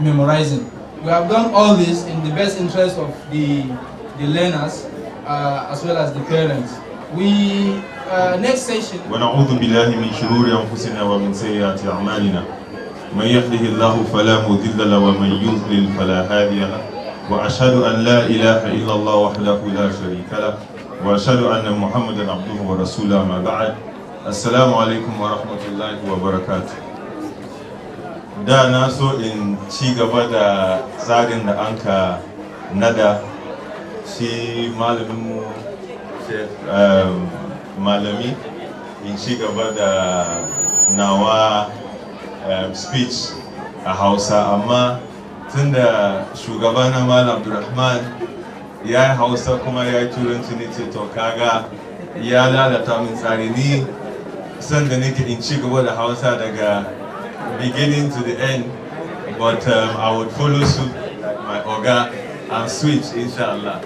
memorizing. We have done all this in the best interest of the, the learners uh, as well as the parents. We, uh, next session... ونعوذ بالله من شرور أنفسنا ومن سيئات أعمالنا من يهده الله فلا مضل له ومن يضلل فلا هادي له وأشهد أن لا إله إلا الله وحده لا شريك له وأشهد أن محمدا عبده ورسوله ما بعد السلام عليكم ورحمة الله وبركاته da na so in ci gaba da tsarin da an ka nada shi malaminmu um, malami in ci gaba da nawa um, speech a hausa amma tun da shugabana malam abdulrahman ya yi hausa kuma ya yi turanci ne ce to kaga ya lalata min tsari ni sanda nake in ci gaba da hausa daga beginning to the end, but um, I would follow suit my Oga and switch, inshallah.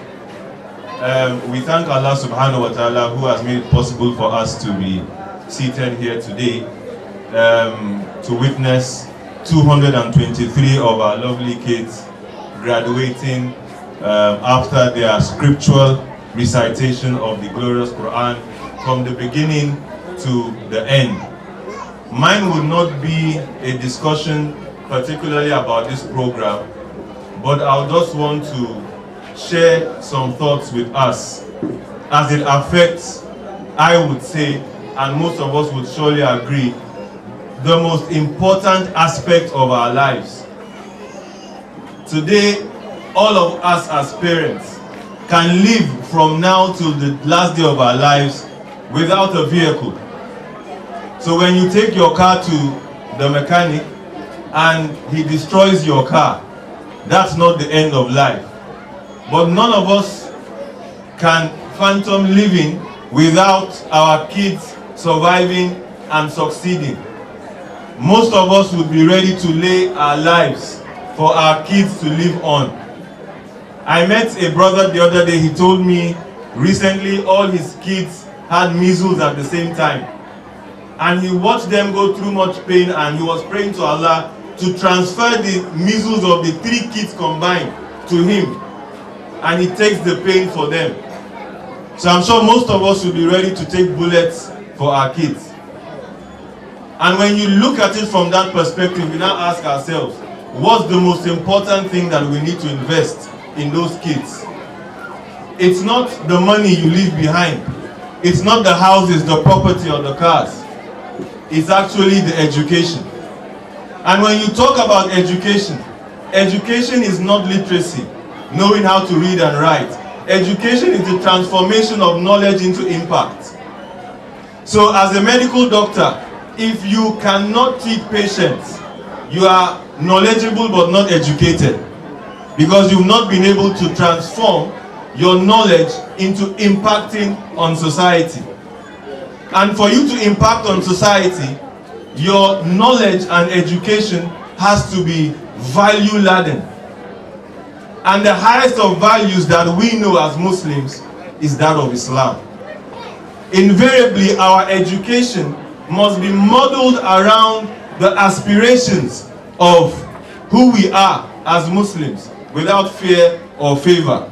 Um, we thank Allah subhanahu wa ta'ala who has made it possible for us to be seated here today um, to witness 223 of our lovely kids graduating um, after their scriptural recitation of the glorious Quran from the beginning to the end. Mine will not be a discussion particularly about this program, but I'll just want to share some thoughts with us as it affects, I would say, and most of us would surely agree, the most important aspect of our lives. Today, all of us as parents can live from now till the last day of our lives without a vehicle So when you take your car to the mechanic and he destroys your car, that's not the end of life. But none of us can phantom living without our kids surviving and succeeding. Most of us would be ready to lay our lives for our kids to live on. I met a brother the other day, he told me recently all his kids had measles at the same time. and he watched them go through much pain and he was praying to Allah to transfer the measles of the three kids combined to him and he takes the pain for them. So I'm sure most of us will be ready to take bullets for our kids. And when you look at it from that perspective, we now ask ourselves, what's the most important thing that we need to invest in those kids? It's not the money you leave behind. It's not the houses, the property, or the cars is actually the education. And when you talk about education, education is not literacy, knowing how to read and write. Education is the transformation of knowledge into impact. So as a medical doctor, if you cannot treat patients, you are knowledgeable but not educated because you've not been able to transform your knowledge into impacting on society. And for you to impact on society, your knowledge and education has to be value laden. And the highest of values that we know as Muslims is that of Islam. Invariably, our education must be modeled around the aspirations of who we are as Muslims without fear or favor.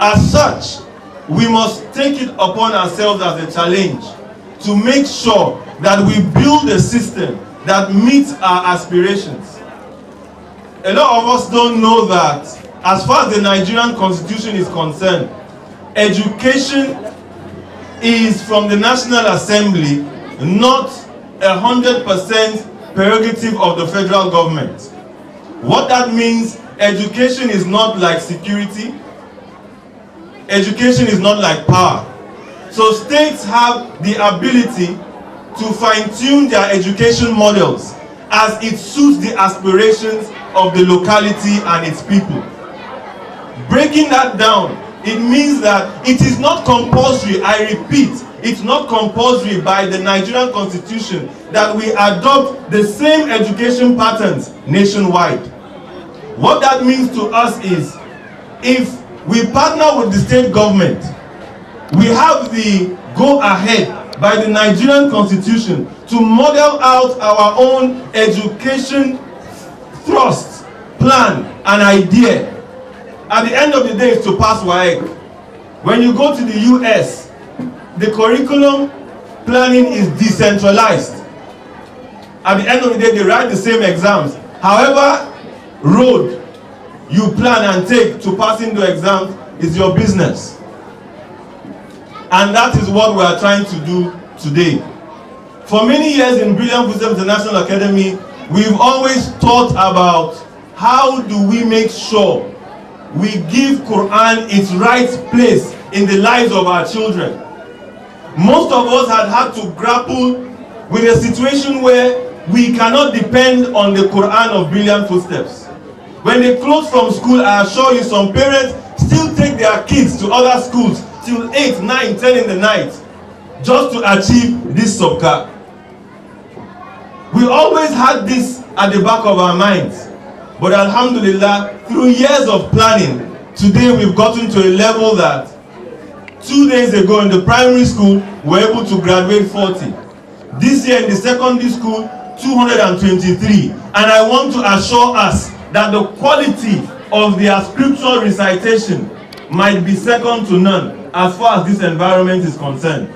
As such, we must take it upon ourselves as a challenge to make sure that we build a system that meets our aspirations. A lot of us don't know that as far as the Nigerian constitution is concerned, education is from the National Assembly not 100% prerogative of the federal government. What that means, education is not like security, Education is not like power. So states have the ability to fine-tune their education models as it suits the aspirations of the locality and its people. Breaking that down, it means that it is not compulsory, I repeat, it's not compulsory by the Nigerian constitution that we adopt the same education patterns nationwide. What that means to us is, if We partner with the state government. We have the go ahead by the Nigerian constitution to model out our own education thrust, plan, and idea. At the end of the day, it's to pass WAEC. When you go to the US, the curriculum planning is decentralized. At the end of the day, they write the same exams. However, road you plan and take to passing the exams is your business. And that is what we are trying to do today. For many years in Brilliant Wisdom International Academy, we've always thought about how do we make sure we give Quran its right place in the lives of our children. Most of us had had to grapple with a situation where we cannot depend on the Quran of Brilliant Footsteps. When they close from school, I assure you some parents still take their kids to other schools till eight, nine, ten in the night just to achieve this subcar. We always had this at the back of our minds. But alhamdulillah, through years of planning, today we've gotten to a level that two days ago in the primary school, we were able to graduate 40. This year in the secondary school, 223. And I want to assure us that the quality of their scriptural recitation might be second to none as far as this environment is concerned.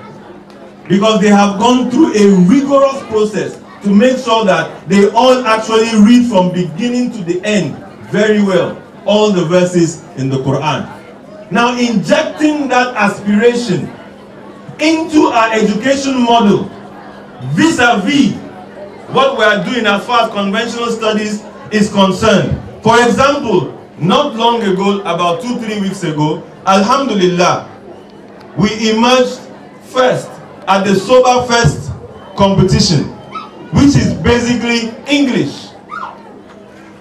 Because they have gone through a rigorous process to make sure that they all actually read from beginning to the end very well all the verses in the Quran. Now injecting that aspiration into our education model vis-a-vis -vis what we are doing as far as conventional studies is concerned. For example, not long ago, about two, three weeks ago, Alhamdulillah, we emerged first at the Sober Fest competition, which is basically English.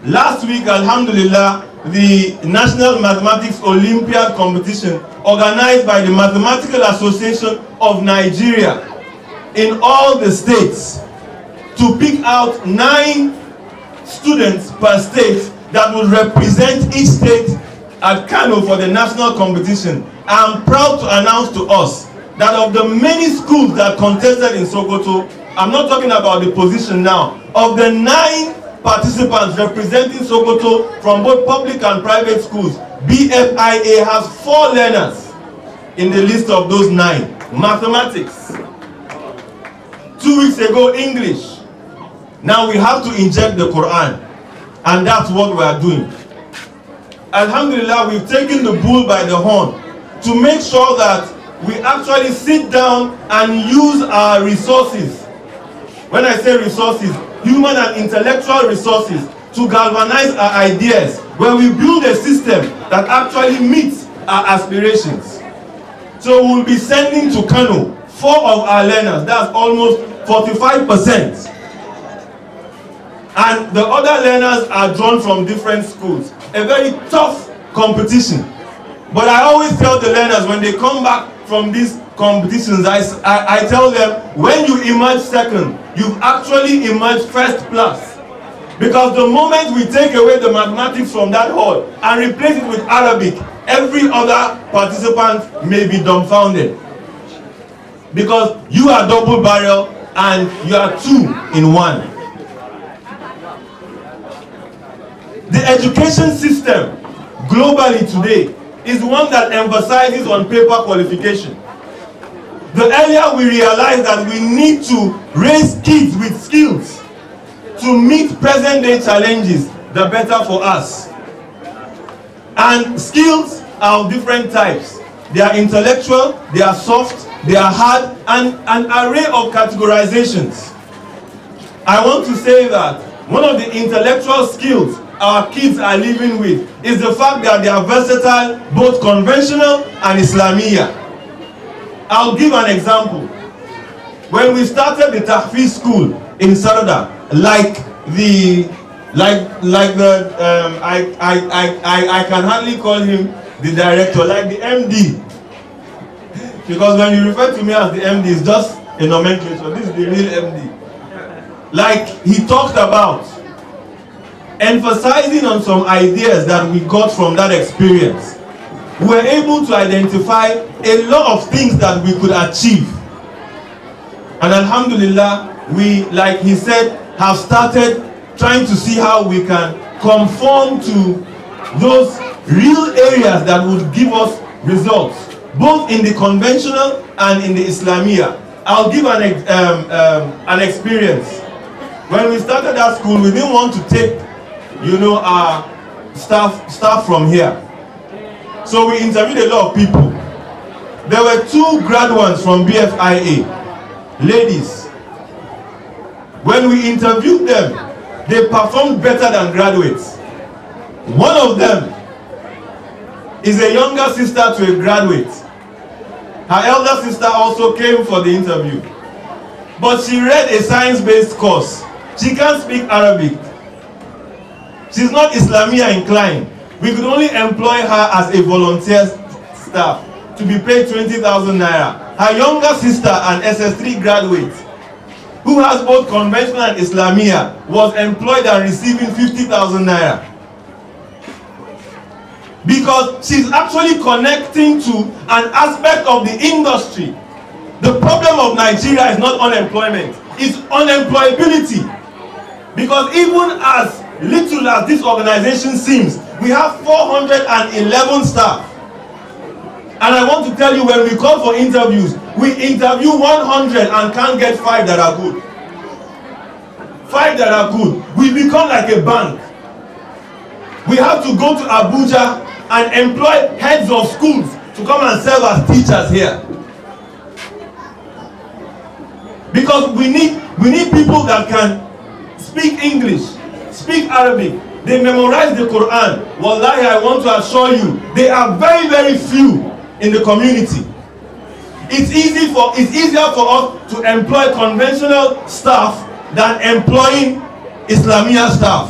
Last week, Alhamdulillah, the National Mathematics Olympiad competition organized by the Mathematical Association of Nigeria in all the states to pick out nine students per state that would represent each state at Kano for the national competition. I am proud to announce to us that of the many schools that contested in Sokoto, I'm not talking about the position now, of the nine participants representing Sokoto from both public and private schools, BFIA has four learners in the list of those nine. Mathematics. Two weeks ago, English. Now we have to inject the Quran. And that's what we are doing. Alhamdulillah, we've taken the bull by the horn to make sure that we actually sit down and use our resources. When I say resources, human and intellectual resources to galvanize our ideas, where we build a system that actually meets our aspirations. So we'll be sending to Kano four of our learners, that's almost 45 percent and the other learners are drawn from different schools. A very tough competition. But I always tell the learners when they come back from these competitions, I, I, I tell them, when you emerge second, you've actually emerged first plus. Because the moment we take away the mathematics from that hall and replace it with Arabic, every other participant may be dumbfounded. Because you are double barrel and you are two in one. The education system globally today is one that emphasizes on paper qualification. The earlier we realize that we need to raise kids with skills to meet present day challenges, the better for us. And skills are of different types. They are intellectual, they are soft, they are hard, and an array of categorizations. I want to say that one of the intellectual skills our kids are living with is the fact that they are versatile, both conventional and Islamia. I'll give an example. When we started the Tahfiz school in Sarada, like the like like the um, I, I, I, I, I can hardly call him the director, like the MD. Because when you refer to me as the MD, it's just a nomenclature. This is the real MD. Like he talked about emphasizing on some ideas that we got from that experience, we were able to identify a lot of things that we could achieve. And Alhamdulillah, we, like he said, have started trying to see how we can conform to those real areas that would give us results, both in the conventional and in the Islamia. I'll give an, um, um, an experience. When we started that school, we didn't want to take you know, our staff, staff from here. So we interviewed a lot of people. There were two graduates from BFIA, ladies. When we interviewed them, they performed better than graduates. One of them is a younger sister to a graduate. Her elder sister also came for the interview. But she read a science-based course. She can't speak Arabic. She's not Islamia inclined. We could only employ her as a volunteer staff to be paid 20,000 naira. Her younger sister, an SS3 graduate, who has both conventional and Islamia, was employed and receiving 50,000 naira. Because she's actually connecting to an aspect of the industry. The problem of Nigeria is not unemployment, it's unemployability. Because even as little as this organization seems, we have 411 staff. And I want to tell you, when we come for interviews, we interview 100 and can't get five that are good. Five that are good. We become like a bank. We have to go to Abuja and employ heads of schools to come and serve as teachers here. Because we need, we need people that can speak English speak Arabic, they memorize the Quran. Wallahi, I want to assure you, they are very, very few in the community. It's easy for it's easier for us to employ conventional staff than employing Islamia staff.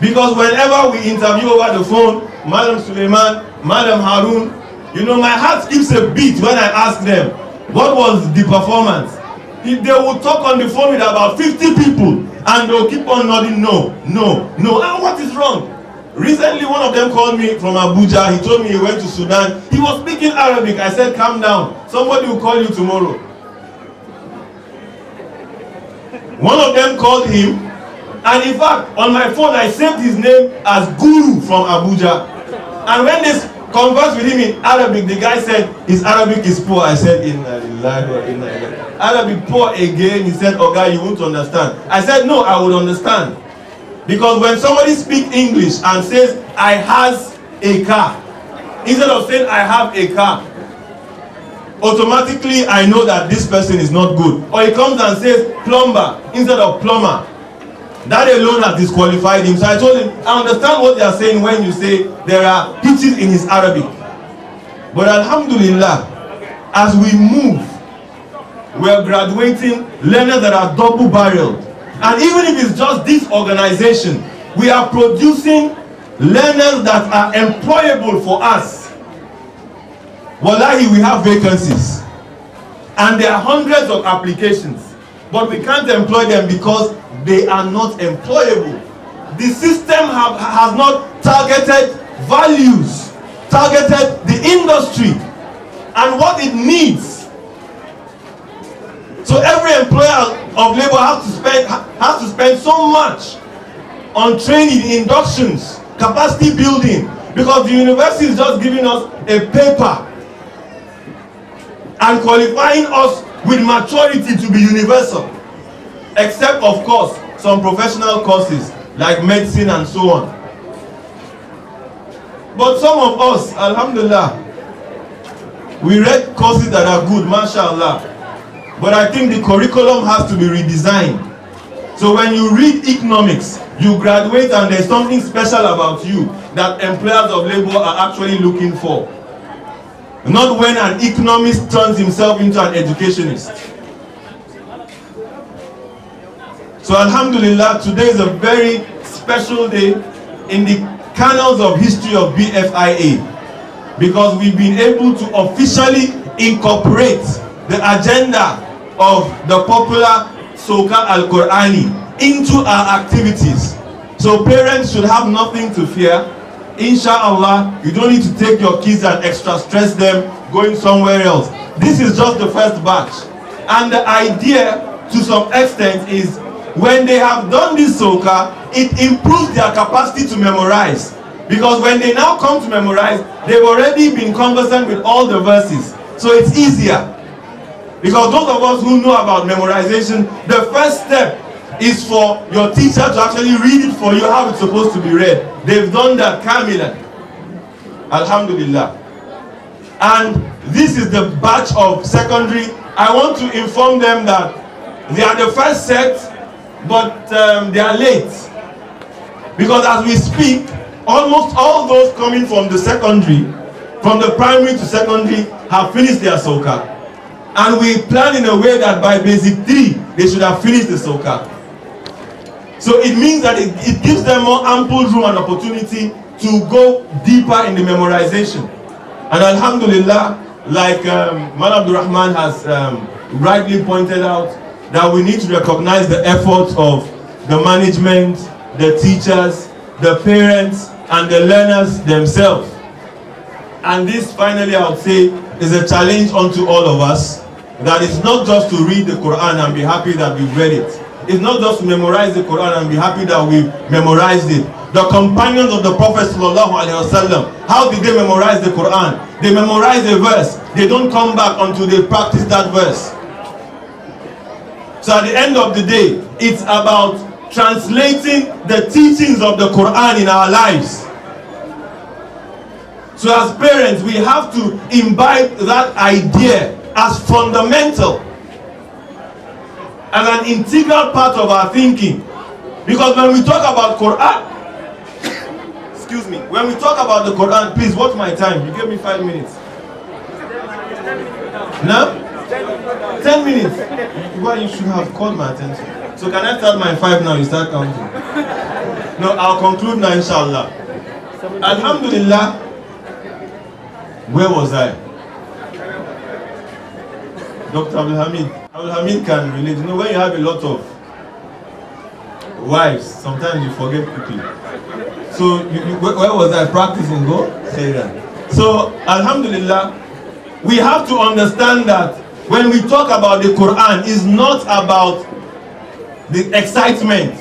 Because whenever we interview over the phone, Madam Suleiman, Madam Harun, you know, my heart skips a beat when I ask them, what was the performance? If they would talk on the phone with about 50 people And they'll keep on nodding, no, no, no. And what is wrong? Recently, one of them called me from Abuja. He told me he went to Sudan. He was speaking Arabic. I said, calm down. Somebody will call you tomorrow. One of them called him. And in fact, on my phone, I saved his name as Guru from Abuja. And when they converse with him in Arabic. The guy said, his Arabic is poor. I said, in Arabic poor again. He said, oh guy, you won't understand. I said, no, I would understand. Because when somebody speaks English and says, I has a car, instead of saying, I have a car, automatically I know that this person is not good. Or he comes and says, plumber, instead of plumber. That alone has disqualified him. So I told him, I understand what they are saying when you say there are pitches in his Arabic. But Alhamdulillah, as we move, we are graduating learners that are double-barreled. And even if it's just this organization, we are producing learners that are employable for us. Wallahi, we have vacancies. And there are hundreds of applications. But we can't employ them because they are not employable. The system have, has not targeted values, targeted the industry and what it needs. So every employer of labor has to spend, has to spend so much on training, inductions, capacity building, because the university is just giving us a paper and qualifying us with maturity to be universal except of course some professional courses like medicine and so on but some of us alhamdulillah we read courses that are good mashallah but i think the curriculum has to be redesigned so when you read economics you graduate and there's something special about you that employers of labour are actually looking for Not when an economist turns himself into an educationist. So Alhamdulillah, today is a very special day in the canals of history of BFIA because we've been able to officially incorporate the agenda of the popular Soka Al-Qur'ani into our activities. So parents should have nothing to fear Inshallah, you don't need to take your kids and extra stress them going somewhere else. This is just the first batch. And the idea, to some extent, is when they have done this soka, it improves their capacity to memorize. Because when they now come to memorize, they've already been conversant with all the verses. So it's easier. Because those of us who know about memorization, the first step is for your teacher to actually read it for you how it's supposed to be read. They've done that, Kamila. Alhamdulillah. And this is the batch of secondary. I want to inform them that they are the first set, but um, they are late. Because as we speak, almost all those coming from the secondary, from the primary to secondary, have finished their soccer. And we plan in a way that by basic three, they should have finished the soccer. So it means that it, it gives them more ample room and opportunity to go deeper in the memorization. And Alhamdulillah, like um, Malam has um, rightly pointed out, that we need to recognize the efforts of the management, the teachers, the parents, and the learners themselves. And this, finally, I would say, is a challenge unto all of us, that it's not just to read the Quran and be happy that we've read it, it's not just to memorize the Quran and be happy that we memorized it. The companions of the Prophet wasallam, how did they memorize the Quran? They memorize a verse. They don't come back until they practice that verse. So at the end of the day, it's about translating the teachings of the Quran in our lives. So as parents, we have to imbibe that idea as fundamental as an integral part of our thinking. Because when we talk about Quran, excuse me, when we talk about the Quran, please watch my time. You gave me five minutes. No? Ten minutes. Well, you should have called my attention. So can I start my five now? You start counting. No, I'll conclude now, inshallah. Alhamdulillah. Where was I? Dr. Abdul Hamid. Alhamid can relate. You know, when you have a lot of wives, sometimes you forget cooking. So, you, you, where was I practicing? Go say that. So, Alhamdulillah, we have to understand that when we talk about the Quran, it's not about the excitement.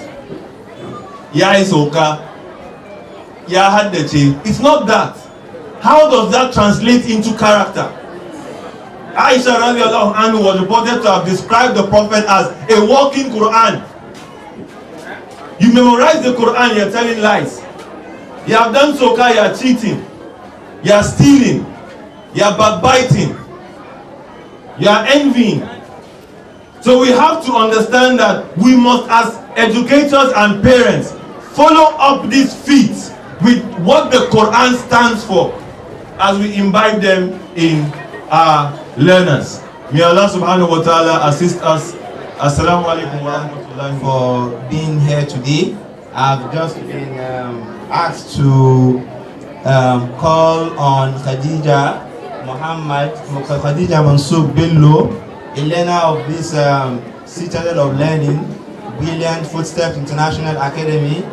Ya isoka, ya haddeche. It's not that. How does that translate into character? Aisha radiallahu was reported to have described the Prophet as a walking Quran. You memorize the Quran, you're telling lies. You have done you are cheating. you are stealing. you are backbiting. you are envying. So we have to understand that we must, as educators and parents, follow up these feats with what the Quran stands for as we imbibe them in our uh, learners. May Allah subhanahu wa ta'ala assist us. Assalamu alaikum wa for being here today. I've just been um, asked to um, call on Khadija Muhammad, Khadija Mansour Bello, a learner of this um, Citadel of Learning, Brilliant Footsteps International Academy,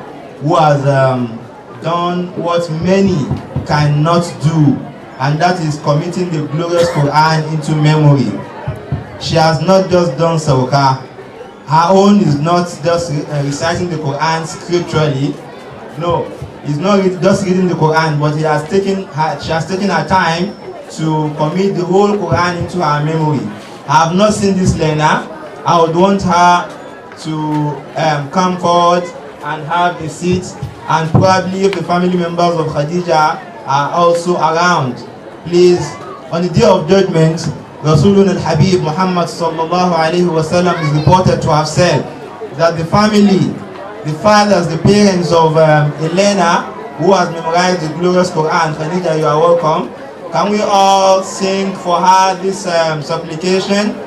who has um, done what many cannot do and that is committing the glorious Quran into memory. She has not just done Sawqa. Her own is not just uh, reciting the Quran scripturally. No, it's not just reading the Quran, but it has taken her, she has taken her time to commit the whole Quran into her memory. I have not seen this learner. I would want her to um, come forward and have a seat and probably if the family members of Khadija are also around. Please, on the day of judgment, Rasulun al-Habib Muhammad sallallahu alaihi wasallam is reported to have said that the family, the fathers, the parents of um, Elena, who has memorized the glorious Quran, Khadija, you are welcome. Can we all sing for her this um, supplication?